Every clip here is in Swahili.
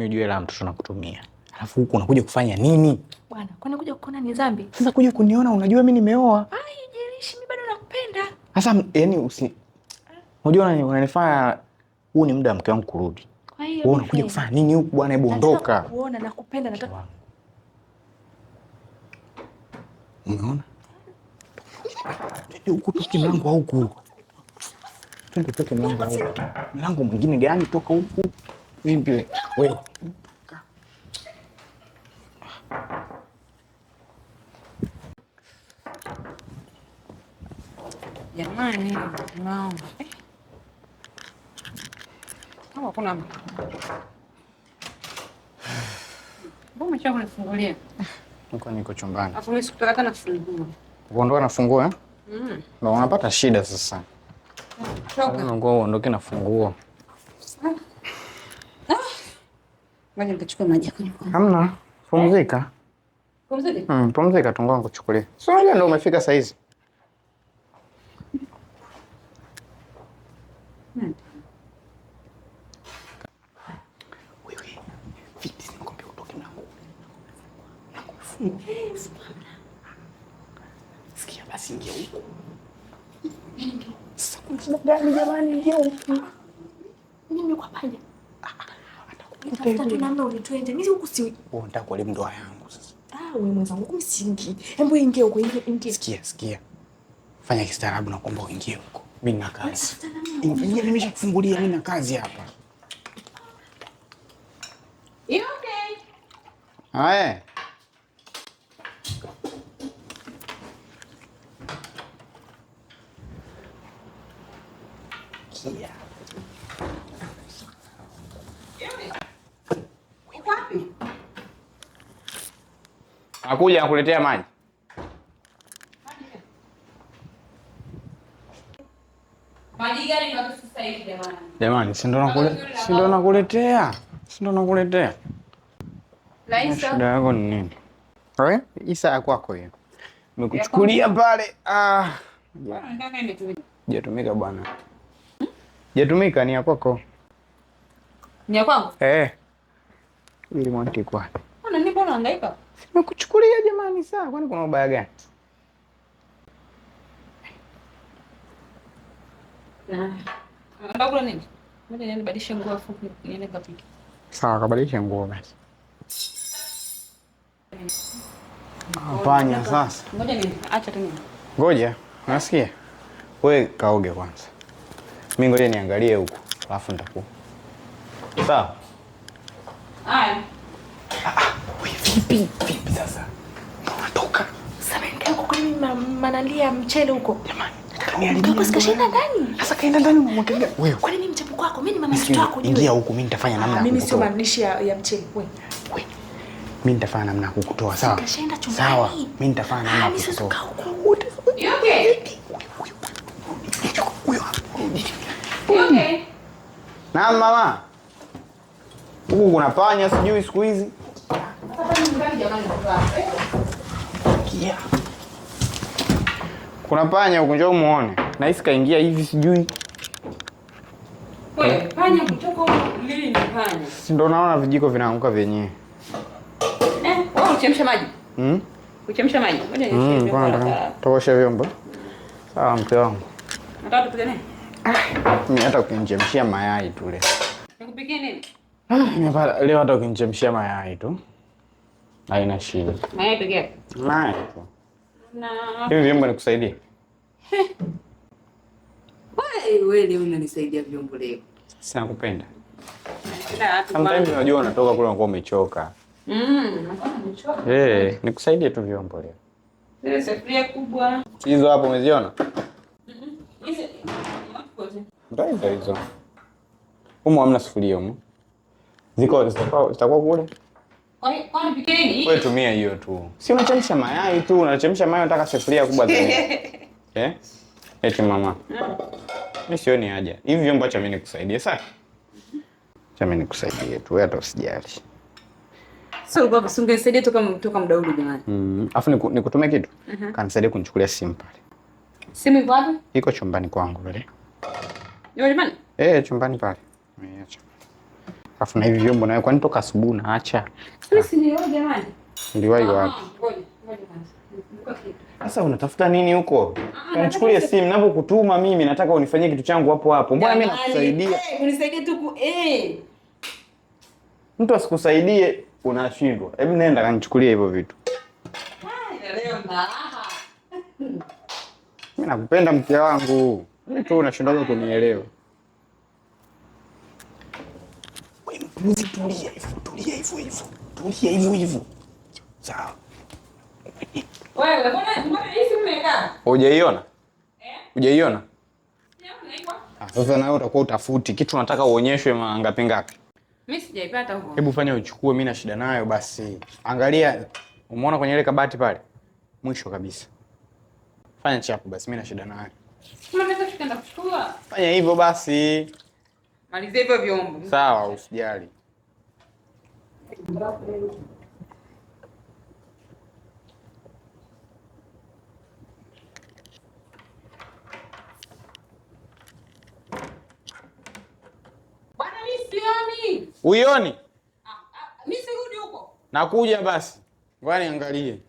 mimi jua la mtoto nakutumia, alafu huku unakuja kufanya nini bwana? Kwani kuja kukuona ni dhambi? Sasa kuja kuniona, unajua mimi nimeoa. jirishi, mi bado nakupenda. Sasa yani usi, unajua unanifanya huu ni muda wa mke wangu kurudi. Kwa hiyo wewe unakuja kufanya nini huku bwana? Hebu ondoka. Unaona nakupenda, nataka unaona huku toki mlango wa huku, twende toke mlango wa huku. Mlango mwingine gani? Toka huku vipi? Wewe. Jamani, mama. Kama kuna mtu. Niko niko chumbani. sikutaka hata nafungua. Uondoka nafungua eh? Mm. unapata shida sasa. Choka. Uondoke na funguo. Ngoja nikachukue maji ya kunywa. Hamna. Pumzika. Pumzika? Mm, pumzika tu ngoja nikuchukulie. Sio unajua ndio umefika saa hizi. Sikia basi ingia huko. Sasa kuna shida gani jamani ingia huko? Mimi Nitafuta tu namna unitwende. Mimi huku si wewe unataka kuharibu ndoa yangu sasa. Ah, wewe mwenzangu huku msingi. Hebu ingia huko, ingia, ingia. Sikia, sikia. Fanya kistaarabu na kwamba uingie huko. Mimi na kazi. Ingia, nimeshakufungulia mimi na kazi hapa. You okay? Haya. Yeah. akuja nakuletea maji. Maji gani mpaka sasa hivi jamani? Jamani, si ndo nakuletea. Si ndo nakuletea. Si ndo nakuletea. Yaani shida yako ni nini? Eh? Isa ya kwako hiyo. mekuchukulia pale. Ah. Hmm? Jatumika bwana. Jatumika ni ya kwako. Ni ya kwangu? Eh. Ili mwanti kwa. Mbona ni bora hangaika? Nimekuchukulia jamani, sawa. Kwani kuna ubaya gani? Sawa, kabadilisha nguo basi. Fanya sasa. Ngoja, nasikia we kaoge kwanza, mi ngoja niangalie huku alafu nitakuwa sawa. Haya. Vipi vipi sasa? Unatoka sasa, nikae huko manalia mchele huko. ndani sasa, kaenda ndani wewe. Kwani wako, mimi ni mama mtoto wako. Ingia huko, mimi nitafanya ah, namna. Mimi sio ya mchele wewe. Wewe mimi nitafanya namna ya kukutoa. Sawa, sawa, mimi nitafanya namna ya ah, kukutoa. Na mama huku kuna panya, sijui siku hizi kuna panya huko, njoo muone. Nahisi kaingia hivi sijui. panya kutoka ni panya. Si ndo naona vijiko vinaanguka vyenyewe. Eh, wewe uchemsha maji. Mm. Uchemsha maji. Ngoja Mm, vyombo. Sawa mke wangu. Nataka nini? Ah, mimi hata ukinichemshia mayai tule. Nikupikie nini? Ah, leo hata ukinichemshia mayai tu. Haina shida. Mayai peke yake. Mayai tu. Na hivi vyombo nikusaidie? Wewe wewe leo unanisaidia vyombo leo. Sasa nakupenda. Sometimes unajua unatoka kule unakuwa umechoka. Mm, umechoka. Eh, nikusaidie tu vyombo leo. Ile sufuria kubwa. Hizo hapo umeziona? Mhm. Hizo ndio hizo. Humo hamna sufuria humo. Ziko zitakuwa kule. Kwani pikeni? Wewe tumia hiyo tu. Si unachemsha mayai tu, unachemsha mayai unataka sufuria kubwa zaidi. Eh? Eti mama. Mimi sioni haja. Hivi vyombo acha mimi nikusaidie sasa. Acha mimi nikusaidie tu, wewe hata usijali. Sio baba, usingenisaidia toka toka muda huu jamani. Mm, afu nikutumie kitu. Uh-huh. Mhm. Kanisaidie kunichukulia simu pale. Simu iko wapi? Iko chumbani kwangu pale. Ni wapi? Eh, chumbani pale. Niacha. Alafu na hivi vyombo nawe, kwani toka asubuhi naacha? Uliwahi wapi? Sasa unatafuta nini huko? Unichukulie ah, ah, simu ninapokutuma mimi, nataka unifanyie kitu changu hapo hapo. Mbona mimi nakusaidia? Eh, unisaidie tu eh. Mtu asikusaidie unashindwa. Hebu nenda kanichukulie hivyo vitu. Mimi nakupenda mke wangu. Mimi tu unashindwa kunielewa. Mbuzi, tulia hivyo, tulia hivyo hivyo, tulia hivyo hivyo. Sawa. Wewe mbona mbona hivi umekaa? Hujaiona? Eh? Hujaiona? Sasa nawe utakuwa utafuti kitu unataka uonyeshwe mangapi ngapi Mimi sijaipata huko. Hebu fanya uchukue, mimi na shida nayo basi. Angalia, umeona kwenye ile kabati pale? Mwisho kabisa. Fanya chapu basi, mimi na shida nayo. Fanya hivyo basi. Malizia hivyo vyombo. Sawa, usijali. Bwana mimi sioni. Uioni? Ah, ah, mimi sirudi huko. Nakuja basi. Ngoja niangalie.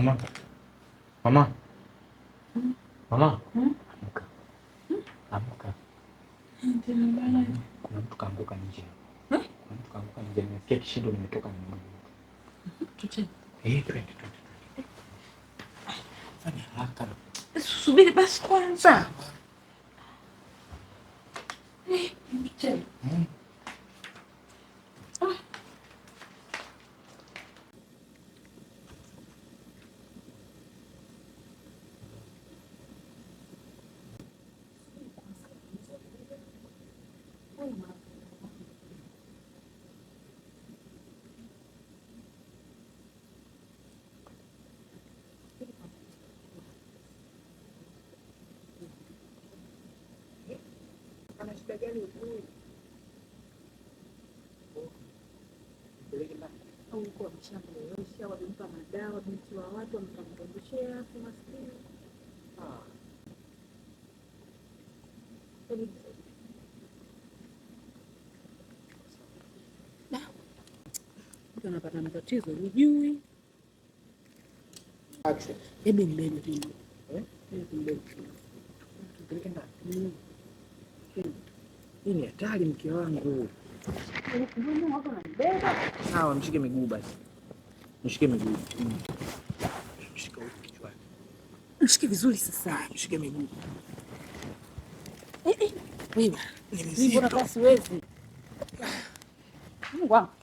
అమ్మా అమ్మా అమ్మా amka kuna mtu kaanguka nje kuna mtu kaanguka nje nimesikia kishindo nimetoka eh, eh. subiri basi kwanza shida gani ujui? Huko wameshamlewesha, walimpa madawa, binti wa watu wamekamtondoshea hapo, maskini mtu anapata matatizo ujui. Hebu mbebe hii ni hatari, mke wangu. Sawa, mshike miguu basi, mshike miguu, mshike mm. kichwani, mshike vizuri. Sasa mshike miguu wewe, eh, eh. ni Mungu wangu